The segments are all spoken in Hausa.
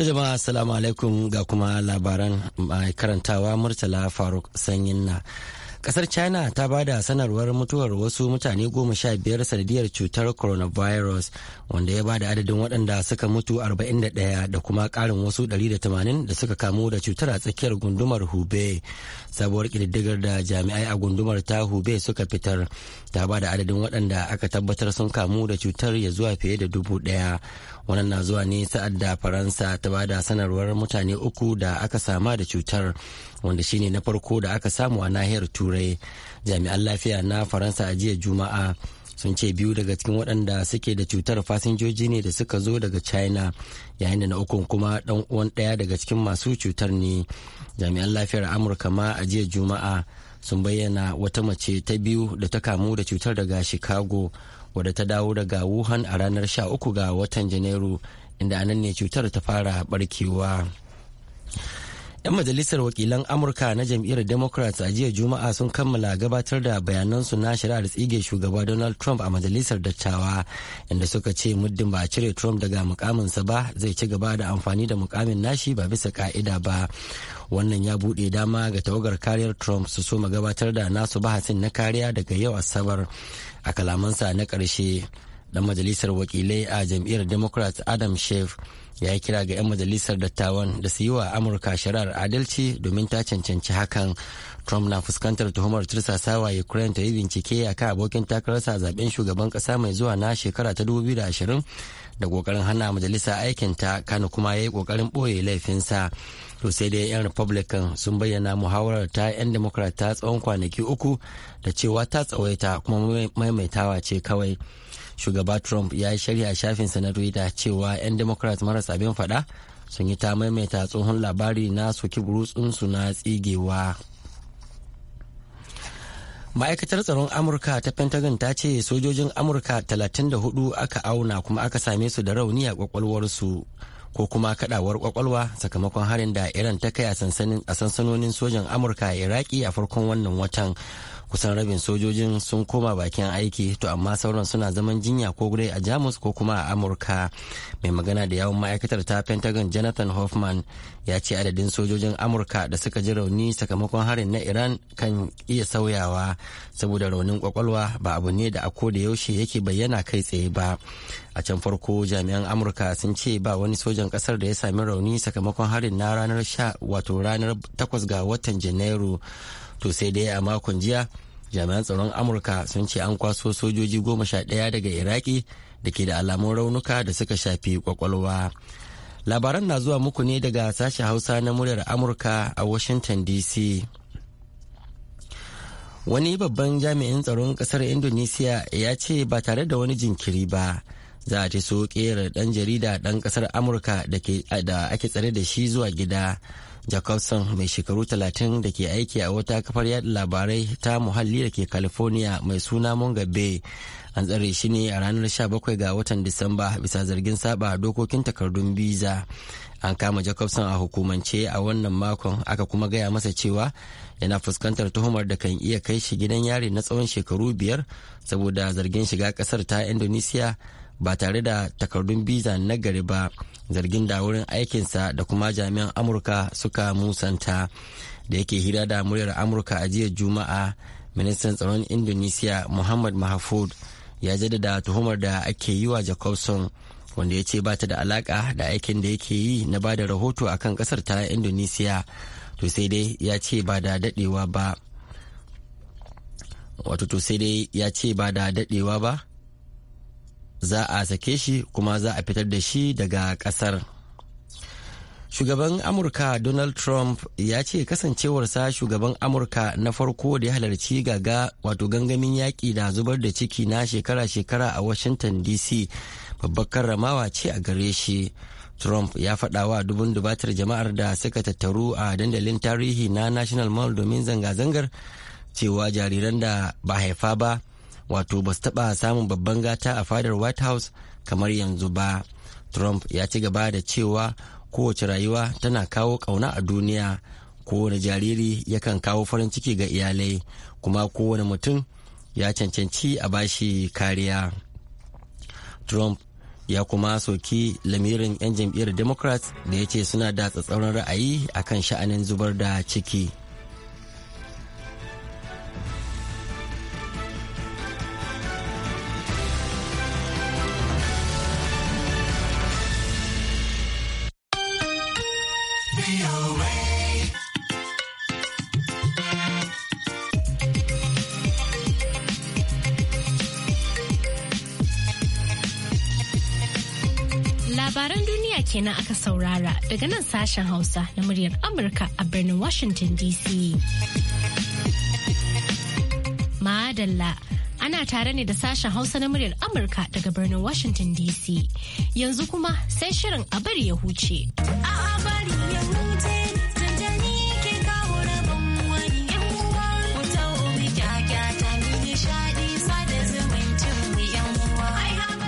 To jama'a assalamu alaikum ga kuma labaran karantawa Murtala Faruk Sanyin na. kasar china ta ba da sanarwar mutuwar wasu mutane goma sha biyar sanadiyar cutar coronavirus wanda ya ba da adadin waɗanda suka mutu 41 da kuma ƙarin wasu 180 da suka kamu da cutar a tsakiyar gundumar hube sabuwar ƙididdigar da jami'ai a gundumar ta hube suka fitar ta ba da adadin waɗanda aka tabbatar sun kamu da cutar ya zuwa fiye da dubu ɗaya wannan na zuwa ne sa'ad da faransa ta ba da sanarwar mutane uku da aka sama da cutar wanda shine na farko da aka samu a nahiyar turai jami'an lafiya na faransa a jiya juma'a sun ce biyu daga cikin waɗanda suke da cutar fasinjoji ne da suka zo daga china yayin da na ukun kuma ɗan uwan ɗaya daga cikin masu cutar ne jami'an lafiyar amurka ma a jiya juma'a sun bayyana wata mace ta biyu da ta kamu da cutar daga chicago wadda ta dawo daga wuhan a ranar 13 ga watan janairu inda anan ne cutar ta fara barkewa 'Yan majalisar wakilan Amurka na jam'iyyar Democrats a jiya Juma'a sun kammala gabatar da bayanansu na shari'ar tsige shugaba Donald Trump a majalisar dattawa inda suka ce muddin ba a cire Trump daga mukaminsa ba zai ci gaba da amfani da mukamin nashi ba bisa ka'ida ba. Wannan ya buɗe dama ga tawagar kariyar Trump su soma gabatar da nasu bahasin na kariya daga yau Asabar a kalamansa na ƙarshe. dan majalisar wakilai a jam'iyyar democrat adam shef ya yi kira ga 'yan majalisar dattawan da su yi wa amurka shari'ar adalci domin ta cancanci hakan trump na fuskantar tuhumar tursasawa ukraine ta yi bincike a kan abokin takararsa zaben shugaban kasa mai zuwa na shekara ta 2020 da kokarin hana majalisa ta kano kuma ya yi kokarin ɓoye laifinsa to sai dai 'yan republican sun bayyana muhawarar ta 'yan democrat ta tsawon kwanaki uku da cewa ta tsawaita kuma maimaitawa ce kawai shugaba trump ya yi shari'a a shafin cewa 'yan democrats marasa abin fada sun yi ta maimaita tsohon labari na soki burutsunsu na tsigewa ma'aikatar tsaron amurka ta pentagon ta ce sojojin amurka 34 aka auna kuma aka same su da rauni a kwakwalwarsu ko kuma kadawar kwakwalwa sakamakon harin da iran ta kai a sansanonin sojan amurka a iraki a farkon wannan watan kusan rabin sojojin sun koma bakin aiki to amma sauran suna zaman jinya ko gudai a jamus ko kuma a amurka mai magana da yawon ma'aikatar ta pentagon jonathan hoffman ya ce adadin sojojin amurka da suka ji rauni sakamakon harin na iran kan iya sauyawa saboda raunin kwakwalwa ba abu ne da a da yaushe yake bayyana kai tsaye ba a can farko jami'an amurka sun ce ba wani sojan kasar da ya sami rauni sakamakon harin na ranar wato ranar 8 ga watan janairu to sai dai a makon jiya jami'an tsaron amurka sun ce an kwaso sojoji goma sha ɗaya daga iraki da ke da alamun raunuka da suka shafi kwakwalwa labaran na zuwa muku ne daga sashen hausa na muryar amurka a washington dc wani babban jami'in tsaron kasar indonesia ya ce ba tare da wani jinkiri ba za a ci so ɗan dan jarida dan kasar amurka da ake tsare da shi zuwa gida Jacobson mai shekaru 30 da ke aiki a wata kafar yada labarai ta muhalli da ke California mai suna Monga Bay an tsare shi ne a ranar 17 ga watan Disamba bisa zargin saba dokokin takardun biza. An kama Jacobson a hukumance a wannan makon aka kuma gaya masa cewa yana fuskantar tuhumar da kan iya kai shi gidan yari na tsawon shekaru biyar saboda zargin shiga kasar ta Indonesia ba tare da takardun biza na gari ba. zargin da wurin aikinsa da kuma jami'an amurka suka musanta da yake hira da muryar amurka a jiya juma'a ministan tsaron indonesia muhammad mahfud ya jaddada tuhumar da ake yi wa jacobson wanda ya ce ba ta da alaka da aikin da yake yi na ba da rahoto a kan kasar ta indonesia to ya ce ba da daɗewa to sai dai ya ce ba da dadewa ba za a sake shi kuma za a fitar da shi daga kasar shugaban amurka donald trump ya ce kasancewarsa shugaban amurka na farko da ya halarci gaga wato gangamin yaƙi da zubar da ciki na shekara-shekara a washington dc babbar karramawa ce a gare shi trump ya faɗa wa dubun dubatar jama'ar da suka tattaru a dandalin tarihi na national mall domin zanga-zangar cewa jariran da ba haifa ba wato ba su taɓa samun babban gata a fadar white house kamar yanzu ba trump ya ci gaba da cewa kowace rayuwa tana kawo ƙauna a duniya kowane jariri yakan kawo farin ciki ga iyalai kuma kowane mutum ya cancanci a bashi kariya trump ya kuma soki lamirin 'yan jam'iyyar democrats da ya ce suna da tsatsauran ra'ayi akan sha'anin zubar da ciki kenan aka saurara daga nan sashen Hausa na muryar Amurka a birnin Washington DC. Madalla ana tare ne da sashen Hausa na muryar Amurka daga birnin Washington DC. Yanzu kuma sai shirin a bari ya huce. Ah!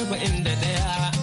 arba'in da ɗaya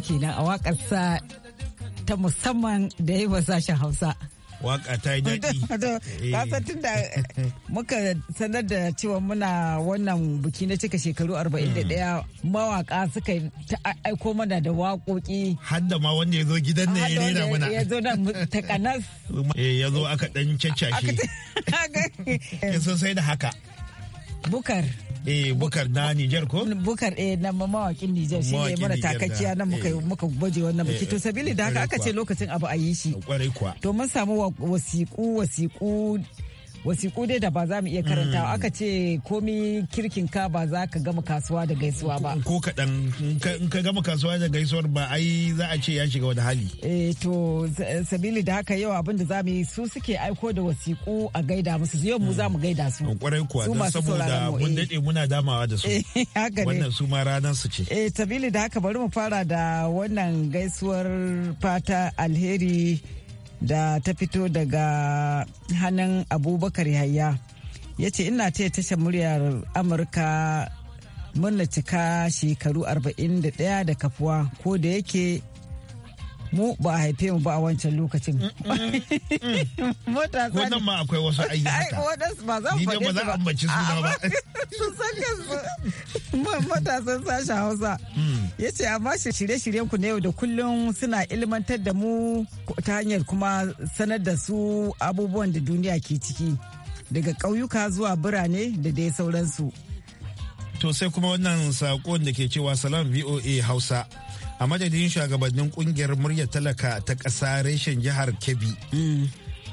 kenan a waƙarsa ta musamman da ya wa sashen hausa waka ta yi daɗi. Eh. Kasa tun da muka sanar da cewa muna wannan biki na cika shekaru 41 hmm. mawaka suka aiko mana da waƙoƙi. Hadda ma wanda ya zo gidan ne ya rera mana. Ya zo nan takanas. Eh, ya zo aka ɗan caccashe. Kin sai da haka. Bukar. eh bukar na Niger ko bukar eh na mawakin Niger shi ne mana takakkiya nan muka eh. muka baje wannan biki eh, to sabili da haka aka ce lokacin abu a yi shi to mun samu wasiku wasiku wasiƙu dai da ba za mu iya karanta hmm. aka ce komi kirkin ka ba za ka gama kasuwa da gaisuwa ba ko kaɗan in ka gama kasuwa da gaisuwar ba ai za a ce ya shiga wani hali eh to sabili da haka yau abinda da za mu yi su suke aiko da wasiƙu a gaida musu yau mu za mu gaida su kwarai hmm. kuwa don saboda mun eh. daɗe muna damawa da su eh, wannan su ma ranar su ce eh sabili da haka bari mu fara da wannan gaisuwar fata alheri da ta fito daga hannun abubakar yaya ya ce ina taya tashar muryar amurka murna cika shekaru 41 da kafuwa ko da yake mu ba a haife mu ba a wancan lokacin. Matasa. Mm, mm, mm. Wannan ma akwai wasu ayyuka. waɗansu ba zan faɗi ba. Ni ba za a ambaci ba. Sun san kansu. Matasan sashen Hausa. Ya ce amma shirye-shiryen ku na yau da kullum suna ilmantar da mu ta hanyar kuma sanar da su abubuwan da duniya ke ciki. Daga ƙauyuka zuwa birane da dai sauransu. To sai kuma wannan saƙon da ke cewa salam VOA Hausa. a madadin shugabannin kungiyar murya talaka ta ƙasa reshen jihar kebbi mm.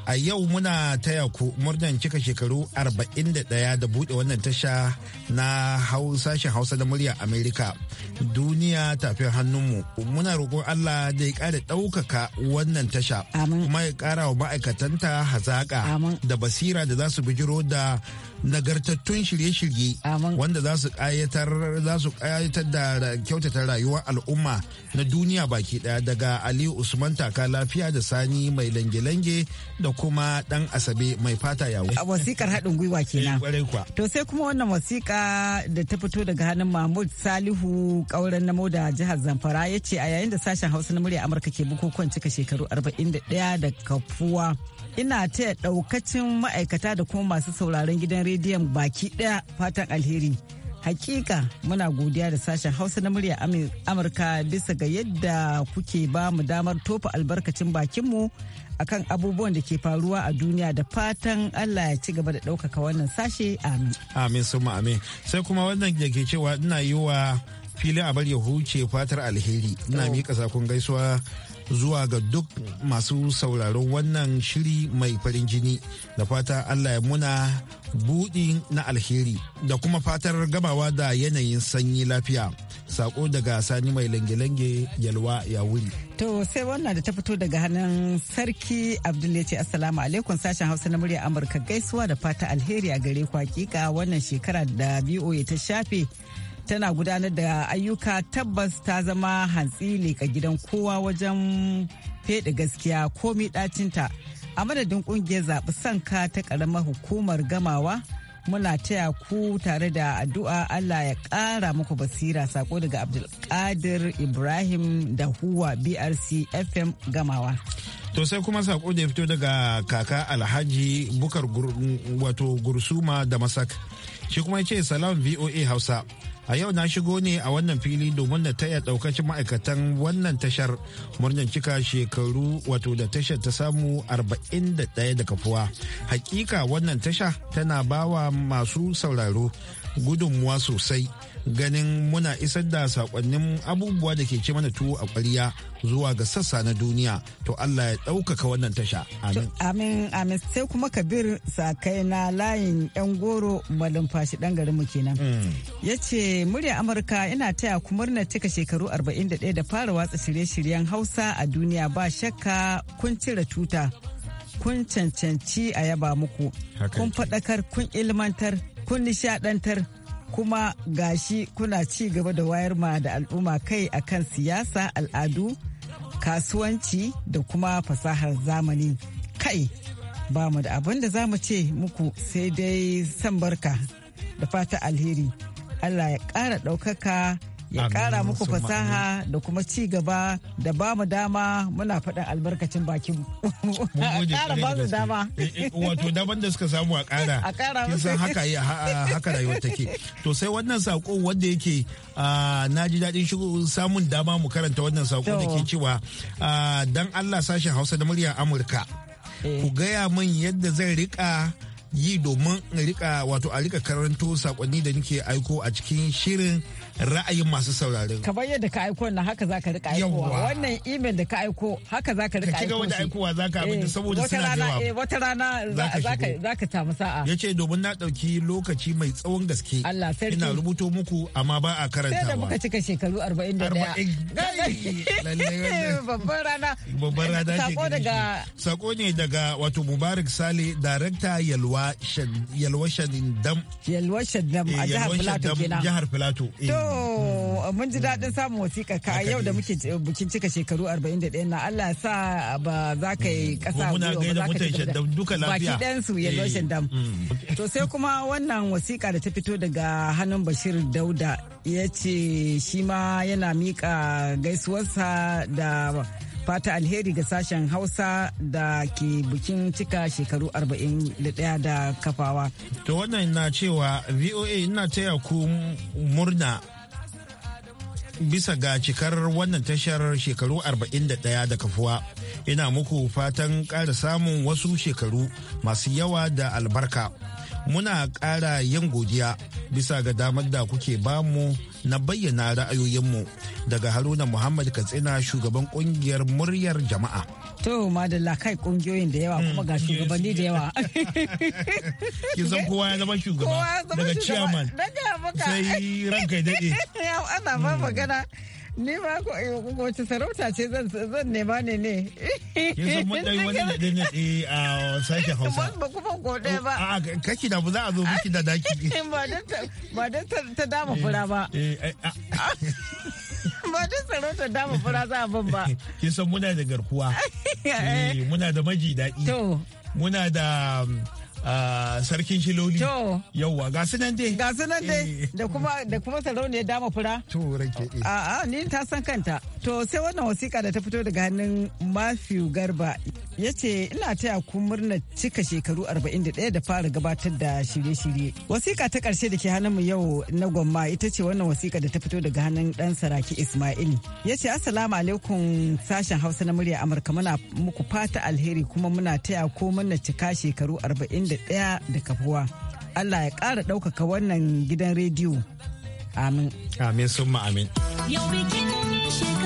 a yau muna taya ku murnan cika shekaru 41 da buɗe wannan tasha na sashen hausa da murya amerika duniya tafin hannunmu muna roƙon allah da ya ƙara ɗaukaka wannan tasha kuma ya ƙara wa ma'aikatanta hazaƙa da basira da za su bijiro da nagartattun shirye-shirye wanda za su kayatar da kyautata rayuwar al'umma na duniya baki daya daga ali usman taka lafiya da sani mai lange-lange da kuma dan asabe mai fata yawo a wasikar haɗin gwiwa eh, kenan to sai kuma wannan wasika da ta fito daga hannun mahmud salihu ƙauren namo da jihar zamfara ya ce a yayin da sashen hausa na murya amurka ke bukukuwan cika shekaru 41 da kafuwa ina taya daukacin ma'aikata da kuma masu sauraron gidan rediyon baki daya fatan alheri hakika muna godiya da sashen hausa na murya amurka bisa ga yadda kuke ba mu damar tofa albarkacin bakinmu akan abubuwan da ke faruwa a duniya da fatan allah ya ci gaba da ɗaukaka wannan sashe amin amin sun amin sai kuma wannan da ke cewa ina yi wa filin abar ya huce fatar alheri ina miƙa sakon gaisuwa zuwa ga duk masu sauraron wannan shiri mai farin jini da fata Allah ya muna budi na alheri da kuma fatar gabawa da yanayin sanyi lafiya sako daga sani mai lange-lange yalwa ya wuri. To sai wannan da ta fito daga hannun sarki Abdul assalamu alaikum sashen hausa na murya Amurka gaisuwa da fata alheri a gare ku hakika wannan shekara da BOA ta shafe tana gudanar da ayyuka tabbas ta zama hantsi ga gidan kowa wajen feɗe gaskiya ko miɗacinta a madadin ƙungiyar zaɓi sanka ta ƙaramar hukumar gamawa muna taya ku tare da addu'a Allah ya ƙara muku basira sako daga Abdulkadir Ibrahim da Huwa BRC FM Gamawa. To sai kuma sako da ya fito daga kaka Alhaji Bukar wato Gursuma da Masak. Shi kuma ce salam VOA Hausa. A yau na shigo ne a wannan fili domin na taya daukacin ma'aikatan wannan tashar murnar cika shekaru wato da tashar ta samu 41 da kafuwa. Hakika wannan tasha tana bawa masu sauraro gudunmuwa sosai ganin muna isar da sakonnin abubuwa da ke ce mana tuwo a ƙwarya zuwa ga sassa na duniya to Allah ya ɗaukaka wannan tasha amin amin amin sai kuma kabir sakai na layin yan goro malumfashi ɗan mu kenan mm. ya ce murya amurka ina taya ku murna cika shekaru 41 da fara watsa shirye-shiryen hausa a duniya ba shakka kun cire tuta kun cancanci a yaba muku kun faɗakar kun ilmantar kun nishadantar kuma gashi kuna ci gaba da wayar ma da al'umma kai akan siyasa al'adu kasuwanci da kuma fasahar zamani kai ba mu da abin da za mu ce muku sai dai san barka da fata alheri allah ya ƙara ɗaukaka ya kara muku fasaha da kuma ci gaba da ba mu dama muna faɗin albarkacin bakin kara ba su dama eh, eh, wato daban da suka samu a kara a ƙara musu haka haka rayuwar take to sai wannan sako wanda yake ah, na ji daɗin shigo samun dama mu karanta wannan sako da ke cewa ah, dan Allah sashen Hausa da muryar Amurka eh. ku gaya min yadda zan rika yi domin rika wato a rika karanto sakonni da nake aiko a cikin shirin ra'ayin masu saurare. Kamar yadda ka aiko na haka za ka rika aikowa. Wannan email da ka aiko haka za ka rika aikowa. Ka kiga wanda aikowa za ka abinda eh, saboda suna da yawa. Eh, wata rana za ka tamu sa'a. Ya ce domin na ɗauki lokaci mai tsawon gaske. Allah sarki. Ina rubuto muku amma ba a karantawa. Sai da muka cika shekaru arba'in da ɗaya. Babban rana. Babban rana ce. Sako daga. Sako ne daga wato Mubarak Sale, Darakta Yalwa Shandam. Yalwa Shandam a eh, jihar Filato kenan. Jihar Filato. mun ji daɗin samun wasiƙa ka yau da muke bikin cika shekaru 41 na Allah sa ba za ka yi mm. ƙasa ba za ka ci duka lafiya baki ɗansu ya zo eh. shandam mm. to sai kuma wannan wasiƙa da ta fito daga hannun Bashir Dauda ya ce shi ma yana miƙa gaisuwarsa da fata alheri ga sashen hausa da ke bikin cika shekaru 41 da kafawa. To wannan na cewa VOA ina taya ku murna bisa ga cikar wannan tashar shekaru 41 da kafuwa ina muku fatan ƙara samun wasu shekaru masu yawa da albarka muna ƙara yin godiya bisa ga damar da kuke bamu na bayyana ra'ayoyinmu daga haruna muhammad katsina shugaban kungiyar muryar jama'a to madalla kai kungiyoyin da yawa kuma ga mm. shugabanni da yawa kisan kowa ya zama shugaba daga chairman sai ranka daɗe ana ba hmm. magana ni ma eh, wace sarauta ce zan nema ne ne kisan mun dai wani da ne a sake hausa ba kuma gode ba oh, a kaki da za a zo miki da daki ba don ta dama eh, fura ba eh, ah. ba da sarauta dama fura za a ban ba. Kin san muna da garkuwa. Muna da maji to Muna da sarkin shiloli yauwa ga su dai ga su dai eh. da kuma da kuma sarauniya dama fura to rake eh. a a ni ta san kanta to sai wannan wasiƙa da ta fito daga hannun Matthew Garba yace ina taya ku murna cika shekaru 41 da fara gabatar da shirye-shirye wasiƙa ta ƙarshe da ke hannun mu yau na gwamma ita ce wannan wasiƙa da ta fito daga hannun dan saraki Ismail yace assalamu alaikum sashen Hausa na murya Amurka muna muku fata alheri kuma muna taya ko murna cika shekaru 41 da kafuwa. Allah ya ƙara ɗaukaka wannan gidan rediyo. Amin. Amin sun amin. Yau bikin shekara.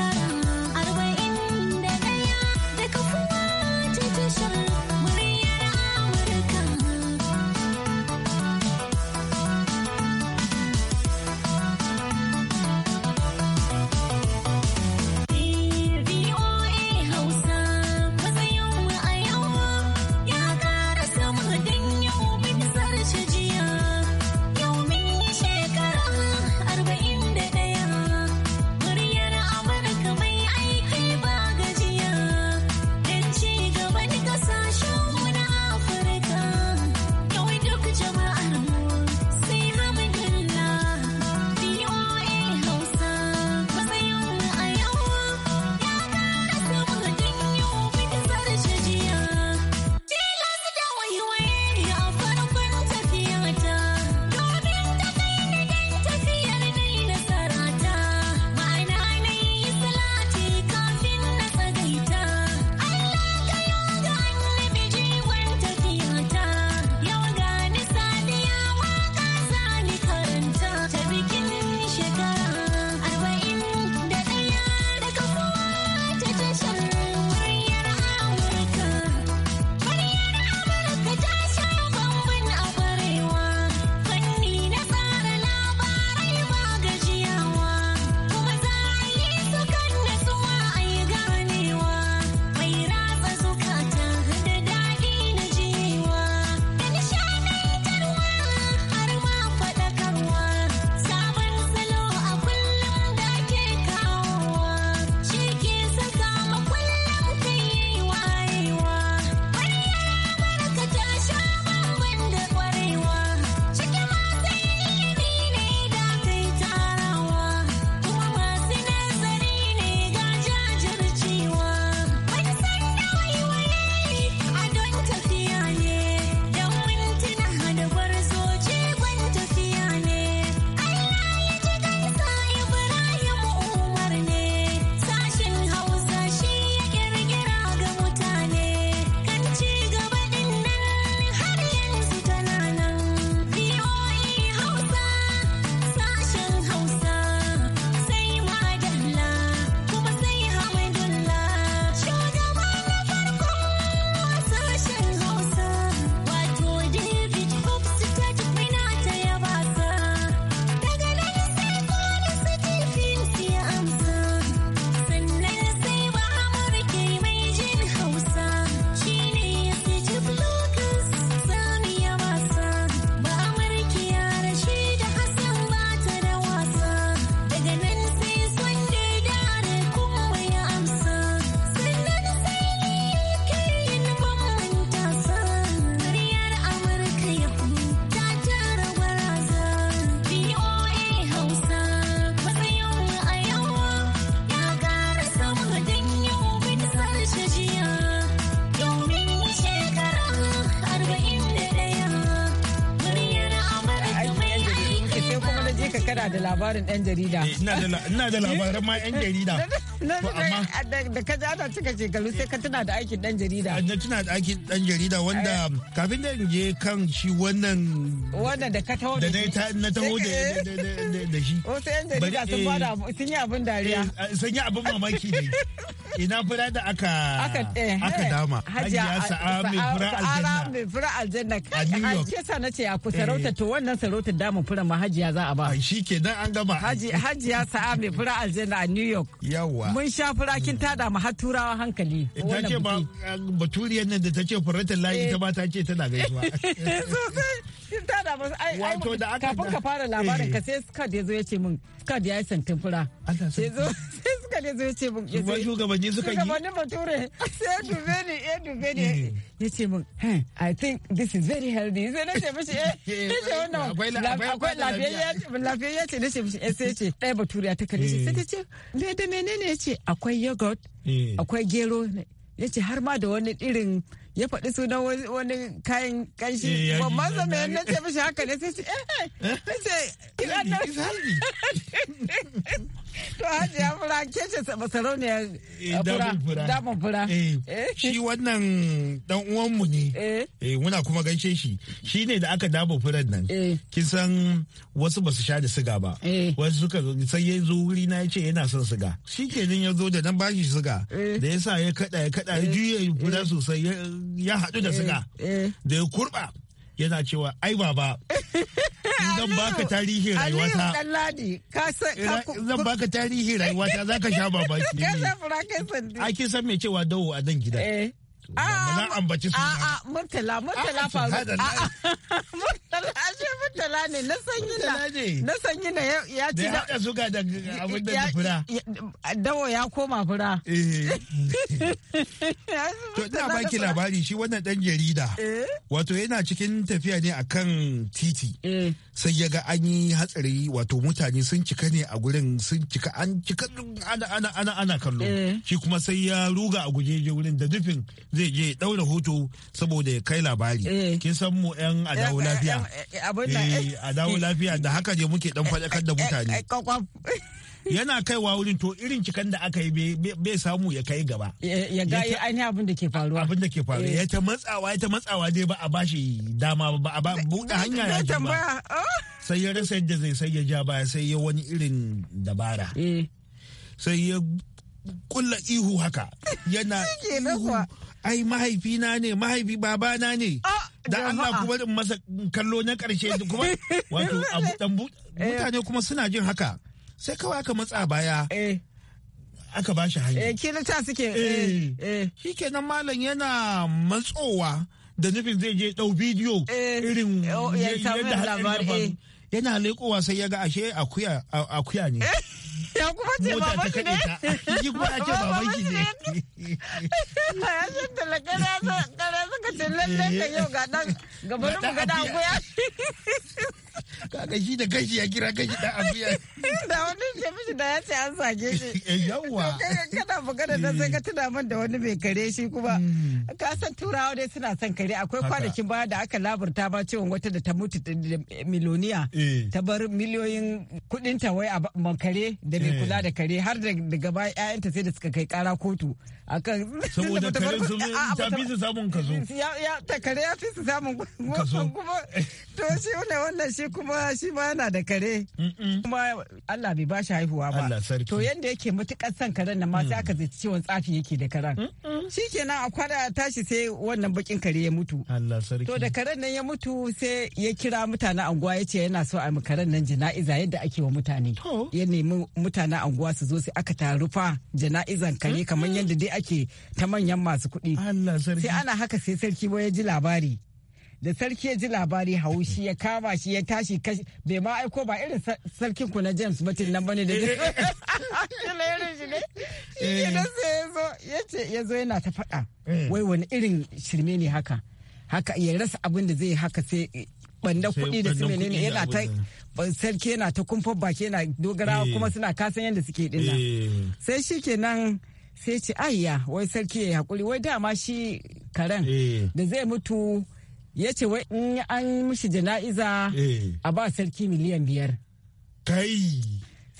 labarin ɗan jarida. Eh, ina da labarin ma 'yan jarida. da ka ana cika shekaru sai ka tuna da aikin dan jarida na tuna da aikin dan jarida wanda eh. kafin da je kan shi wannan wannan da ka taho da na taho da shi wasu yan jarida sun bada sun yi abin dariya eh, eh, sun yi abin mamaki ne ina fura da aka aka dama hajiya sa'a mai fura aljanna mai fura aljanna kai sa na ce a ku sarauta to wannan sarautar damun fura ma hajiya za a ba shi kenan an gama hajiya sa'a mai fura aljanna a New York yawa mun sha furakin tada mu har turawa hankali eh, ta ce ba eh, baturiyar nan da ta ce furatin layi eh. ita ba ta ce tana gaisuwa sun tada ba ai wato kafin ka fara labarin ka sai Scott ya zo ya ce min Scott ya yi santin fura sai zo sai Scott ya zo ya ce min ya ce shugabanni suka yi shugabanni bature sai ya dube ni ya dube ni eh. ya ce min I think this is very healthy sai na ce mishi eh, eh na ce wannan akwai lafiyayya ce na ce mishi eh sai ce ɗaya bature ta kalle shi eh. sai ta ce me da menene ya ce akwai yogurt akwai gero ya ce har ma da wani irin ya faɗi sunan wani kayan kanshi babban eh, sa mai na ce mishi haka ne sai ce eh, eh sai ce eh, To hajiya fura ke ce sarauniyar eh, fura. fura. Eh, eh. Shi wannan dan uwanmu ne. Muna kuma gaishe shi. Shi ne da aka dabo furan nan. Kin san wasu ba su sha da siga ba. Wasu suka sai ya zo wuri na ya ce yana son siga. Shi kenan ya zo da nan bashi siga. Da ya sa ya kada ya kada ya juya fura sosai ya haɗu da siga. Da ya kurba. yana cewa ai baba zan baka tarihin rayuwa rayuwata zan baka tarihin rayuwata za ka sha babaki ne a kin san me cewa dawo a nan gida eh. ba za ambaci su a murtala murtala faru ashe ne na sanyi na na sanyi na ya ci da hada zuga da abin da fura dawo ya koma fura eh. to ina baki labari shi wannan dan jarida eh. wato yana cikin tafiya ne akan titi eh. sai ya ga an yi hatsari wato mutane sun cika ne a gurin sun cika an cika ana ana ana ana kallo shi kuma sai ya ruga a guje je wurin da nufin zai je daura hoto saboda ya kai labari kin san mu yan adawo lafiya Eh, eh, a dawo lafiya da haka ne muke dan faɗakar da mutane eh, yana kaiwa wurin to irin cikan da aka yi bai samu ya kai gaba. Ya ga ainihin abin da ke faruwa. Abin da ke faruwa. Ya ta matsawa ya ta matsawa dai ba a bashi dama ba a buɗe hanya ya ji ba. Oh. Sai ya rasa yadda zai sai ya ja baya sai ya wani irin dabara. Sai ya kulla ihu haka yana ihu ai mahaifina ne mahaifi babana ne. Ah. da Allah kuma in masa kallo na karshe kuma wato abu dan eh. mutane kuma suna jin haka sai kawai aka matsa baya eh. aka ba shi hanya eh na ta suke eh, eh eh shikenan malam yana matsowa da nufin zai je dau bidiyo irin oh, yadda labarin yana lekowa sai ya ga ashe akuya ne eh, ya kuma ce baban shi ne shi kuma ya ce baban shi ne ya ce talakana suka ce lalle ka yau ga dan gabanin mu ga akuya kaga shi da gashi ya kira gashi da abiya da wani ya da ya ce an sake shi eh, yawa kana magana da sai ka tuna min da wani mai kare shi kuma mm. ka san turawa dai suna son kare akwai kwanakin baya da aka laburta ba cewa wata da ta mutu da miloniya eh. ta bar miliyoyin kudin ta wai a kare da mai eh. kula da kare har daga baya ƴaƴanta sai da suka kai kara kotu akan saboda kare sun ta fi su samun kaso ya ta kare ya fi su samun kaso kuma to shi wannan shi kuma ba shi ba yana da kare kuma Allah bai bashi haihuwa ba to yanda yake matukar son karen na ma sai mm. aka zai ciwon tsafi yake da karen shi kenan a kwana tashi sai wannan bakin kare ya mutu to da karen nan ya mutu sai ya kira mutanen anguwa ya ce yana so a mu karen nan jana'iza yadda ake wa mutane ya nemi mutanen anguwa su zo sai aka tarufa jana'izan kare kamar yadda dai ake ta manyan masu kuɗi sai ana haka sai sarki wai ya ji labari da sarki ya ji labari haushi ya kama shi ya tashi bai ma aiko ba irin sarkin ku na james batin nan bane da eh. ya zo yana ta faɗa eh. wai wani irin shirme ne haka haka ya rasa abin da zai haka sai banda eh, kuɗi da su ne yana ta sarki yana ta kumfa baki yana dogarawa kuma suna kasan yadda suke dinna sai shi shikenan sai ce ayya wai sarki ya yi hakuri wai dama shi karen da zai mutu ya ce wai in an mishi jana'iza eh. a ba sarki miliyan biyar kai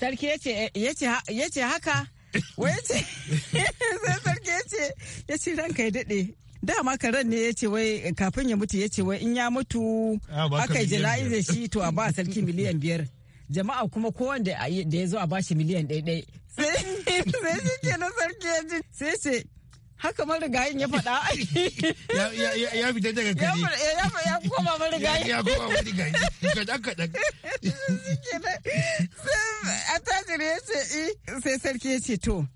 sarki ya ce eh, haka wai ya ce sai sarki ya ce ya ce ranka ya daɗe dama karen ne ya ce wai kafin ya mutu ya ce wai in ya mutu aka yi jana'iza shi to a ba sarki miliyan biyar jama'a kuma kowanda da ya zo a bashi miliyan ɗaiɗai. sai shi ke na sarki ya ce, sai ce haka marigayin ya faɗa ya fita daga kaji ya koma marigayin ya koma marigayin kaɗan kaɗan a tajiri ya ce eh, sai sarki ya ce to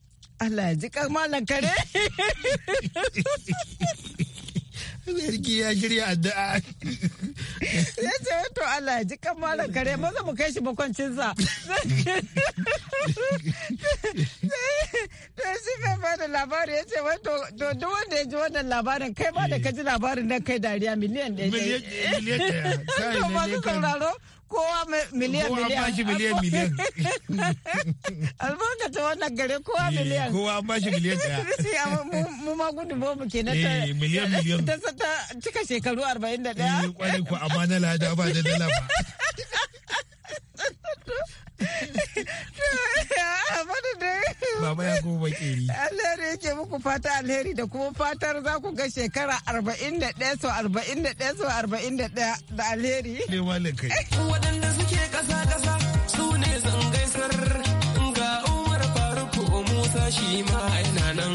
Allah ya ji kamalan kare sarki ya shirya addu'a ya ce eh, to Allah ya ji kama malam kare maza mu kai shi bakwancinsa sai shi mai ba da labari ya ce wai to duk wanda ya ji wannan labarin kai ba da ka ji labarin nan kai dariya miliyan ɗaya miliyan ɗaya to kowa miliyan miliyan kowa bashi miliyan miliyan albarkata wannan gare kowa eh, miliyan kowa bashi miliyan ɗaya mu ma gudu ta eh, miliyan miliyan ta cika shekaru arba'in da ɗaya kwarai eh, ko amma na lada ba da dala ba Baba ya yake muku fata alheri da kuma fatar za ku ga shekara 41 so 41 so 41 da alheri. Ne malin kai. Waɗanda suke ƙasa-ƙasa su ne zan gaisar ga Umar Faruk Musa shi ma yana nan.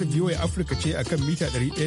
tashar VOA Africa ce akan mita